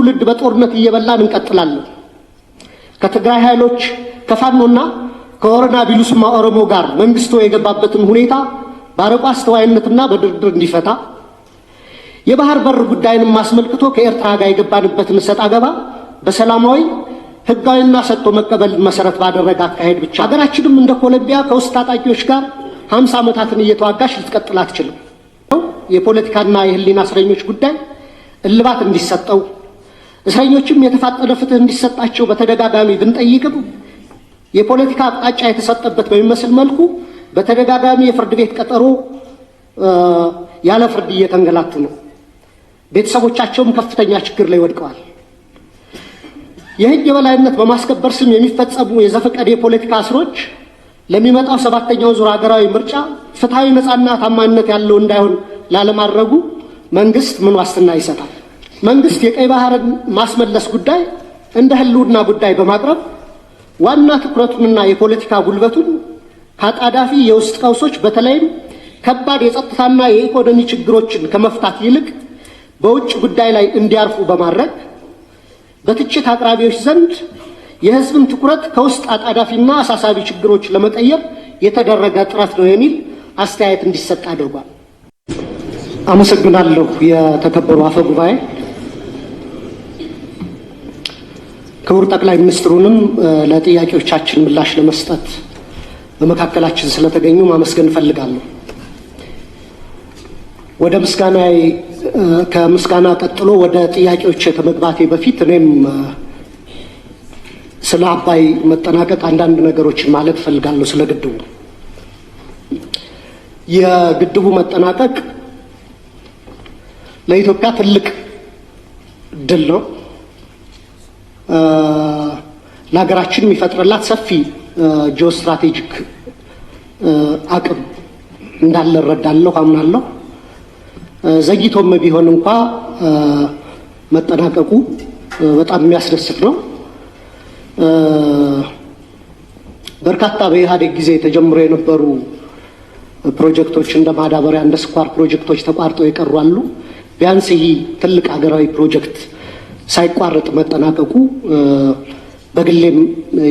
ትውልድ በጦርነት እየበላን እንቀጥላለን። ከትግራይ ኃይሎች ከፋኖና ከወረዳ ቢሉስማ ኦሮሞ ጋር መንግስቶ የገባበትን ሁኔታ በአርቆ አስተዋይነትና በድርድር እንዲፈታ የባህር በር ጉዳይንም አስመልክቶ ከኤርትራ ጋር የገባንበትን እሰጥ አገባ በሰላማዊ ህጋዊና ሰጥቶ መቀበል መሰረት ባደረገ አካሄድ ብቻ ሀገራችንም እንደ ኮሎምቢያ ከውስጥ ታጣቂዎች ጋር ሀምሳ ዓመታትን እየተዋጋች ልትቀጥል አትችልም። የፖለቲካና የህሊና እስረኞች ጉዳይ እልባት እንዲሰጠው እስረኞችም የተፋጠነ ፍትህ እንዲሰጣቸው በተደጋጋሚ ብንጠይቅም የፖለቲካ አቅጣጫ የተሰጠበት በሚመስል መልኩ በተደጋጋሚ የፍርድ ቤት ቀጠሮ ያለ ፍርድ እየተንገላቱ ነው። ቤተሰቦቻቸውም ከፍተኛ ችግር ላይ ወድቀዋል። የህግ የበላይነት በማስከበር ስም የሚፈጸሙ የዘፈቀድ የፖለቲካ እስሮች ለሚመጣው ሰባተኛው ዙር ሀገራዊ ምርጫ ፍትሐዊ ነፃና ታማኝነት ያለው እንዳይሆን ላለማድረጉ መንግስት ምን ዋስትና ይሰጣል? መንግስት የቀይ ባህርን ማስመለስ ጉዳይ እንደ ህልውና ጉዳይ በማቅረብ ዋና ትኩረቱንና የፖለቲካ ጉልበቱን ከአጣዳፊ የውስጥ ቀውሶች በተለይም ከባድ የጸጥታና የኢኮኖሚ ችግሮችን ከመፍታት ይልቅ በውጭ ጉዳይ ላይ እንዲያርፉ በማድረግ በትችት አቅራቢዎች ዘንድ የህዝብን ትኩረት ከውስጥ አጣዳፊና አሳሳቢ ችግሮች ለመቀየር የተደረገ ጥረት ነው የሚል አስተያየት እንዲሰጥ አድርጓል። አመሰግናለሁ። የተከበሩ አፈ ጉባኤ ክቡር ጠቅላይ ሚኒስትሩንም ለጥያቄዎቻችን ምላሽ ለመስጠት በመካከላችን ስለተገኙ ማመስገን እፈልጋለሁ። ወደ ምስጋና ከምስጋና ቀጥሎ ወደ ጥያቄዎች ከመግባቴ በፊት እኔም ስለ አባይ መጠናቀቅ አንዳንድ ነገሮችን ማለት እፈልጋለሁ። ስለ ግድቡ የግድቡ መጠናቀቅ ለኢትዮጵያ ትልቅ ድል ነው። ለሀገራችን የሚፈጥርላት ሰፊ ጂኦ ስትራቴጂክ አቅም እንዳለ እረዳለሁ፣ አምናለሁ። ዘግይቶም ቢሆን እንኳ መጠናቀቁ በጣም የሚያስደስት ነው። በርካታ በኢህአዴግ ጊዜ ተጀምሮ የነበሩ ፕሮጀክቶች እንደ ማዳበሪያ፣ እንደ ስኳር ፕሮጀክቶች ተቋርጠው ይቀሩ አሉ። ቢያንስ ይህ ትልቅ ሀገራዊ ፕሮጀክት ሳይቋረጥ መጠናቀቁ በግሌም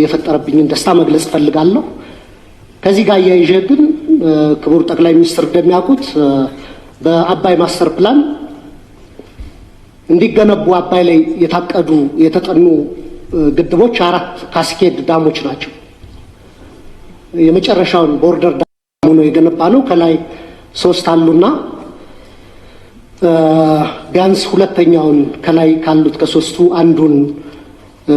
የፈጠረብኝን ደስታ መግለጽ እፈልጋለሁ። ከዚህ ጋር እያይዤ ግን ክቡር ጠቅላይ ሚኒስትር እንደሚያውቁት በአባይ ማስተር ፕላን እንዲገነቡ አባይ ላይ የታቀዱ የተጠኑ ግድቦች አራት ካስኬድ ዳሞች ናቸው። የመጨረሻውን ቦርደር ዳም ነው የገነባ ነው። ከላይ ሶስት አሉና ቢያንስ ሁለተኛውን ከላይ ካሉት ከሶስቱ አንዱን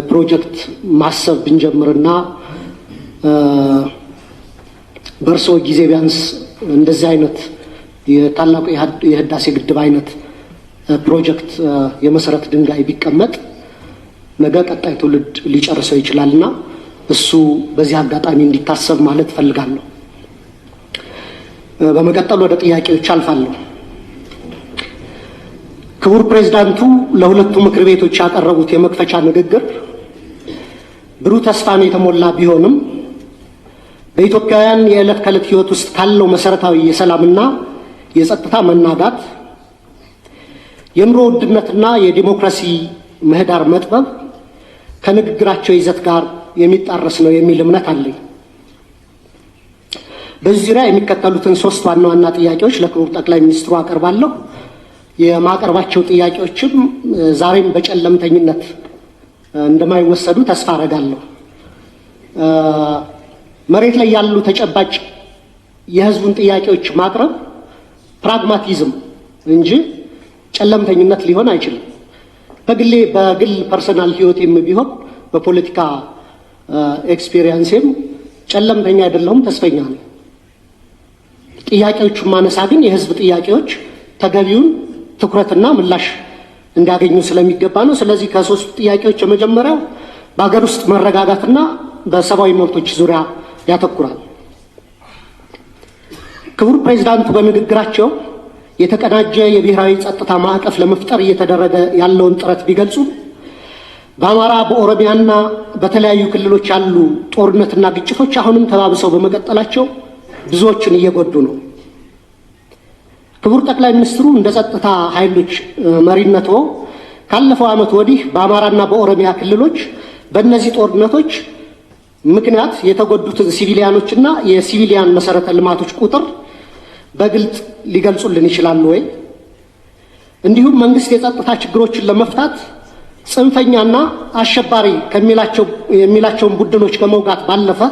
ፕሮጀክት ማሰብ ብንጀምርና በእርሶ ጊዜ ቢያንስ እንደዚህ አይነት የታላቁ የህዳሴ ግድብ አይነት ፕሮጀክት የመሰረት ድንጋይ ቢቀመጥ ነገ ቀጣይ ትውልድ ሊጨርሰው ይችላልና እሱ በዚህ አጋጣሚ እንዲታሰብ ማለት እፈልጋለሁ። በመቀጠል ወደ ጥያቄዎች አልፋለሁ። ክቡር ፕሬዝዳንቱ ለሁለቱ ምክር ቤቶች ያቀረቡት የመክፈቻ ንግግር ብሩህ ተስፋን የተሞላ ቢሆንም በኢትዮጵያውያን የዕለት ከዕለት ሕይወት ውስጥ ካለው መሰረታዊ የሰላምና የጸጥታ መናጋት፣ የኑሮ ውድነትና የዲሞክራሲ ምህዳር መጥበብ ከንግግራቸው ይዘት ጋር የሚጣረስ ነው የሚል እምነት አለኝ። በዚህ ዙሪያ የሚከተሉትን ሶስት ዋና ዋና ጥያቄዎች ለክቡር ጠቅላይ ሚኒስትሩ አቀርባለሁ። የማቀርባቸው ጥያቄዎችም ዛሬም በጨለምተኝነት እንደማይወሰዱ ተስፋ አረጋለሁ። መሬት ላይ ያሉ ተጨባጭ የህዝቡን ጥያቄዎች ማቅረብ ፕራግማቲዝም እንጂ ጨለምተኝነት ሊሆን አይችልም። በግሌ በግል ፐርሰናል ህይወቴም ቢሆን በፖለቲካ ኤክስፔሪየንሴም ጨለምተኛ አይደለሁም፣ ተስፈኛ ነው። ጥያቄዎቹን ማነሳ ግን የህዝብ ጥያቄዎች ተገቢውን ትኩረትና ምላሽ እንዲያገኙ ስለሚገባ ነው። ስለዚህ ከሶስቱ ጥያቄዎች የመጀመሪያው በሀገር ውስጥ መረጋጋትና በሰብአዊ መብቶች ዙሪያ ያተኩራል። ክቡር ፕሬዚዳንቱ በንግግራቸው የተቀናጀ የብሔራዊ ጸጥታ ማዕቀፍ ለመፍጠር እየተደረገ ያለውን ጥረት ቢገልጹም በአማራ በኦሮሚያና በተለያዩ ክልሎች ያሉ ጦርነትና ግጭቶች አሁንም ተባብሰው በመቀጠላቸው ብዙዎችን እየጎዱ ነው። ክቡር ጠቅላይ ሚኒስትሩ እንደ ጸጥታ ኃይሎች መሪነቶ ካለፈው ዓመት ወዲህ በአማራና በኦሮሚያ ክልሎች በእነዚህ ጦርነቶች ምክንያት የተጎዱትን ሲቪሊያኖችና የሲቪሊያን መሰረተ ልማቶች ቁጥር በግልጽ ሊገልጹልን ይችላሉ ወይ? እንዲሁም መንግስት የጸጥታ ችግሮችን ለመፍታት ጽንፈኛና አሸባሪ የሚላቸውን ቡድኖች ከመውጋት ባለፈ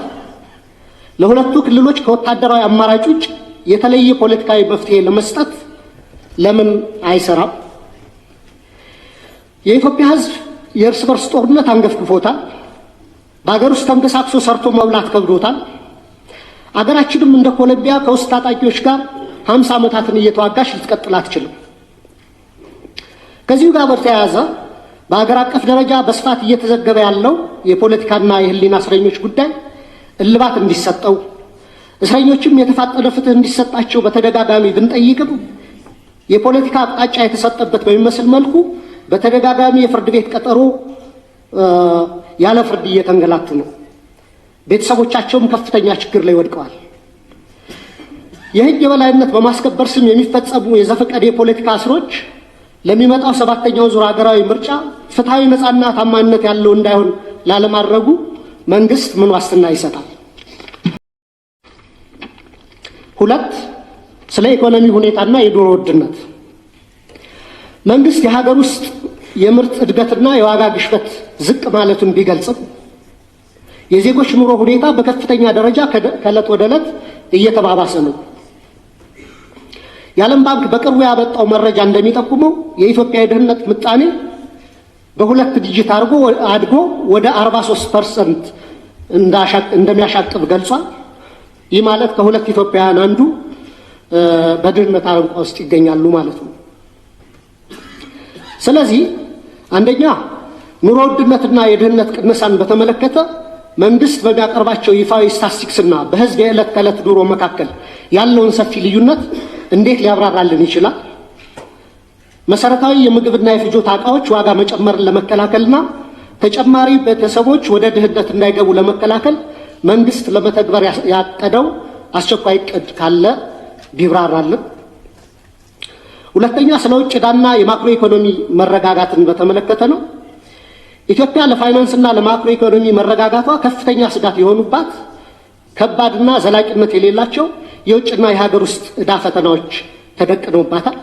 ለሁለቱ ክልሎች ከወታደራዊ አማራጭ ውጭ የተለየ ፖለቲካዊ መፍትሄ ለመስጠት ለምን አይሰራም? የኢትዮጵያ ሕዝብ የእርስ በርስ ጦርነት አንገፍግፎታል። በሀገር ውስጥ ተንቀሳቅሶ ሰርቶ መብላት ከብዶታል። አገራችንም እንደ ኮሎምቢያ ከውስጥ ታጣቂዎች ጋር ሀምሳ ዓመታትን እየተዋጋሽ ልትቀጥል አትችልም። ከዚሁ ጋር በተያያዘ በሀገር አቀፍ ደረጃ በስፋት እየተዘገበ ያለው የፖለቲካና የህሊና እስረኞች ጉዳይ እልባት እንዲሰጠው እስረኞችም የተፋጠነ ፍትህ እንዲሰጣቸው በተደጋጋሚ ብንጠይቅም የፖለቲካ አቅጣጫ የተሰጠበት በሚመስል መልኩ በተደጋጋሚ የፍርድ ቤት ቀጠሮ ያለ ፍርድ እየተንገላቱ ነው። ቤተሰቦቻቸውም ከፍተኛ ችግር ላይ ወድቀዋል። የህግ የበላይነት በማስከበር ስም የሚፈጸሙ የዘፈቀድ የፖለቲካ እስሮች ለሚመጣው ሰባተኛው ዙር ሀገራዊ ምርጫ ፍትሐዊ ነጻና ታማኝነት ያለው እንዳይሆን ላለማድረጉ መንግስት ምን ዋስትና ይሰጣል? ሁለት ስለ ኢኮኖሚ ሁኔታና የዶሮ ውድነት መንግስት የሀገር ውስጥ የምርት እድገትና የዋጋ ግሽበት ዝቅ ማለቱን ቢገልጽም የዜጎች ኑሮ ሁኔታ በከፍተኛ ደረጃ ከእለት ወደ ዕለት እየተባባሰ ነው። የዓለም ባንክ በቅርቡ ያበጣው መረጃ እንደሚጠቁመው የኢትዮጵያ የድህነት ምጣኔ በሁለት ዲጂት አድጎ ወደ 43 ፐርሰንት እንደሚያሻቅብ ገልጿል። ይህ ማለት ከሁለት ኢትዮጵያውያን አንዱ በድህነት አረንቋ ውስጥ ይገኛሉ ማለት ነው። ስለዚህ አንደኛ ኑሮ ውድነትና የድህነት ቅነሳን በተመለከተ መንግስት በሚያቀርባቸው ይፋዊ ስታስቲክስና በህዝብ የዕለት ተዕለት ኑሮ መካከል ያለውን ሰፊ ልዩነት እንዴት ሊያብራራልን ይችላል? መሰረታዊ የምግብና የፍጆታ እቃዎች ዋጋ መጨመርን ለመከላከልና ተጨማሪ ቤተሰቦች ወደ ድህነት እንዳይገቡ ለመከላከል መንግስት ለመተግበር ያቀደው አስቸኳይ እቅድ ካለ ቢብራራልን። ሁለተኛ ስለ ውጭ ዕዳና የማክሮ ኢኮኖሚ መረጋጋትን በተመለከተ ነው። ኢትዮጵያ ለፋይናንስና ለማክሮ ኢኮኖሚ መረጋጋቷ ከፍተኛ ስጋት የሆኑባት ከባድና ዘላቂነት የሌላቸው የውጭና የሀገር ውስጥ ዕዳ ፈተናዎች ተደቅነውባታል።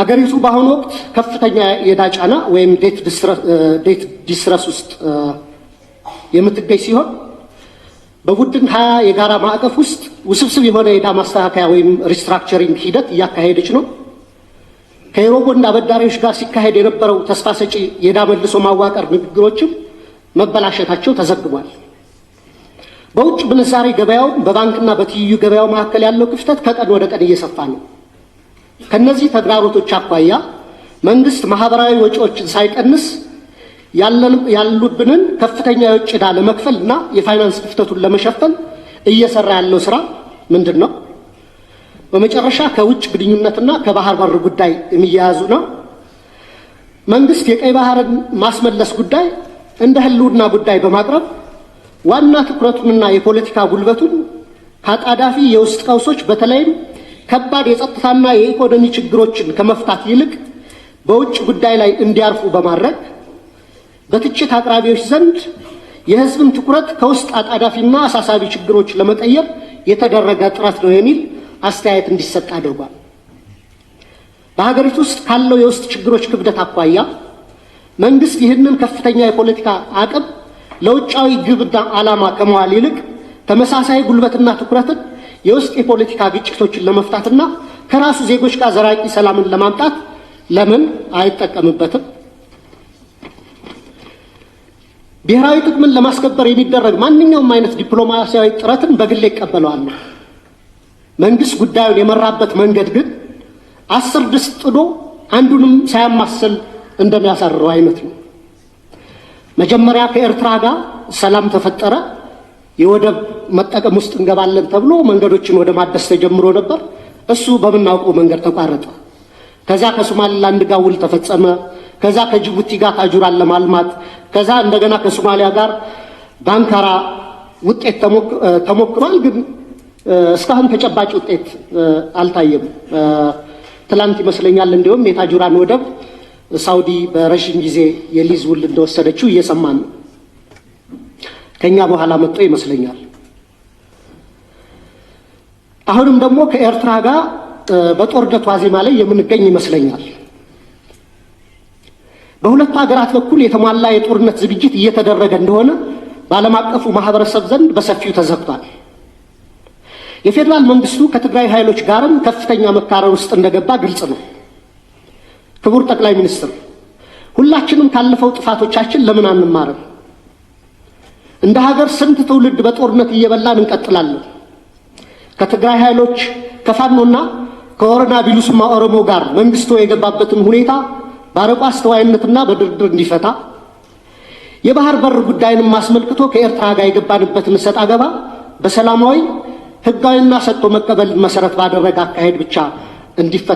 አገሪቱ በአሁኑ ወቅት ከፍተኛ የዕዳ ጫና ወይም ዴት ዲስትረስ ውስጥ የምትገኝ ሲሆን በቡድን ሀያ የጋራ ማዕቀፍ ውስጥ ውስብስብ የሆነ የዕዳ ማስተካከያ ወይም ሪስትራክቸሪንግ ሂደት እያካሄደች ነው። ከዩሮቦንድ አበዳሪዎች ጋር ሲካሄድ የነበረው ተስፋ ሰጪ የዕዳ መልሶ ማዋቀር ንግግሮችም መበላሸታቸው ተዘግቧል። በውጭ ምንዛሬ ገበያው በባንክና በትይዩ ገበያው መካከል ያለው ክፍተት ከቀን ወደ ቀን እየሰፋ ነው። ከእነዚህ ተግዳሮቶች አኳያ መንግስት ማህበራዊ ወጪዎችን ሳይቀንስ ያሉብንን ከፍተኛ የውጭ ዕዳ ለመክፈል እና የፋይናንስ ክፍተቱን ለመሸፈን እየሰራ ያለው ስራ ምንድን ነው? በመጨረሻ ከውጭ ግንኙነትና ከባህር በር ጉዳይ የሚያያዙ ነው። መንግስት የቀይ ባህርን ማስመለስ ጉዳይ እንደ ህልውና ጉዳይ በማቅረብ ዋና ትኩረቱንና የፖለቲካ ጉልበቱን ከአጣዳፊ የውስጥ ቀውሶች በተለይም ከባድ የጸጥታና የኢኮኖሚ ችግሮችን ከመፍታት ይልቅ በውጭ ጉዳይ ላይ እንዲያርፉ በማድረግ በትችት አቅራቢዎች ዘንድ የህዝብን ትኩረት ከውስጥ አጣዳፊና አሳሳቢ ችግሮች ለመቀየር የተደረገ ጥረት ነው የሚል አስተያየት እንዲሰጥ አድርጓል። በሀገሪቱ ውስጥ ካለው የውስጥ ችግሮች ክብደት አኳያ መንግስት ይህንን ከፍተኛ የፖለቲካ አቅም ለውጫዊ ግብና ዓላማ ከመዋል ይልቅ ተመሳሳይ ጉልበትና ትኩረትን የውስጥ የፖለቲካ ግጭቶችን ለመፍታትና ከራሱ ዜጎች ጋር ዘራቂ ሰላምን ለማምጣት ለምን አይጠቀምበትም? ብሔራዊ ጥቅምን ለማስከበር የሚደረግ ማንኛውም አይነት ዲፕሎማሲያዊ ጥረትን በግል ይቀበለዋል። መንግስት ጉዳዩን የመራበት መንገድ ግን አስር ድስት ጥዶ አንዱንም ሳያማስል እንደሚያሳርረው አይነት ነው። መጀመሪያ ከኤርትራ ጋር ሰላም ተፈጠረ፣ የወደብ መጠቀም ውስጥ እንገባለን ተብሎ መንገዶችን ወደ ማደስ ተጀምሮ ነበር። እሱ በምናውቀው መንገድ ተቋረጠ። ከዚያ ከሶማሊላንድ ጋር ውል ተፈጸመ። ከዛ ከጅቡቲ ጋር ታጁራን ለማልማት ከዛ እንደገና ከሶማሊያ ጋር በአንካራ ውጤት ተሞክሯል፣ ግን እስካሁን ተጨባጭ ውጤት አልታየም። ትላንት ይመስለኛል እንዲሁም የታጁራን ወደብ ሳውዲ በረዥም ጊዜ የሊዝ ውል እንደወሰደችው እየሰማን ነው። ከኛ በኋላ መጥቶ ይመስለኛል። አሁንም ደግሞ ከኤርትራ ጋር በጦርነት ዋዜማ ላይ የምንገኝ ይመስለኛል። በሁለቱ ሀገራት በኩል የተሟላ የጦርነት ዝግጅት እየተደረገ እንደሆነ በዓለም አቀፉ ማህበረሰብ ዘንድ በሰፊው ተዘግቷል። የፌዴራል መንግስቱ ከትግራይ ኃይሎች ጋርም ከፍተኛ መካረር ውስጥ እንደገባ ግልጽ ነው። ክቡር ጠቅላይ ሚኒስትር፣ ሁላችንም ካለፈው ጥፋቶቻችን ለምን አንማርም? እንደ ሀገር ስንት ትውልድ በጦርነት እየበላን እንቀጥላለን? ከትግራይ ኃይሎች ከፋኖና ከወረና ቢሉስማ ኦሮሞ ጋር መንግስቶ የገባበትን ሁኔታ በአርቆ አስተዋይነትና በድርድር እንዲፈታ የባህር በር ጉዳይንም አስመልክቶ ከኤርትራ ጋር የገባንበትን እሰጥ አገባ በሰላማዊ ህጋዊና ሰጥቶ መቀበል መሰረት ባደረገ አካሄድ ብቻ እንዲፈታ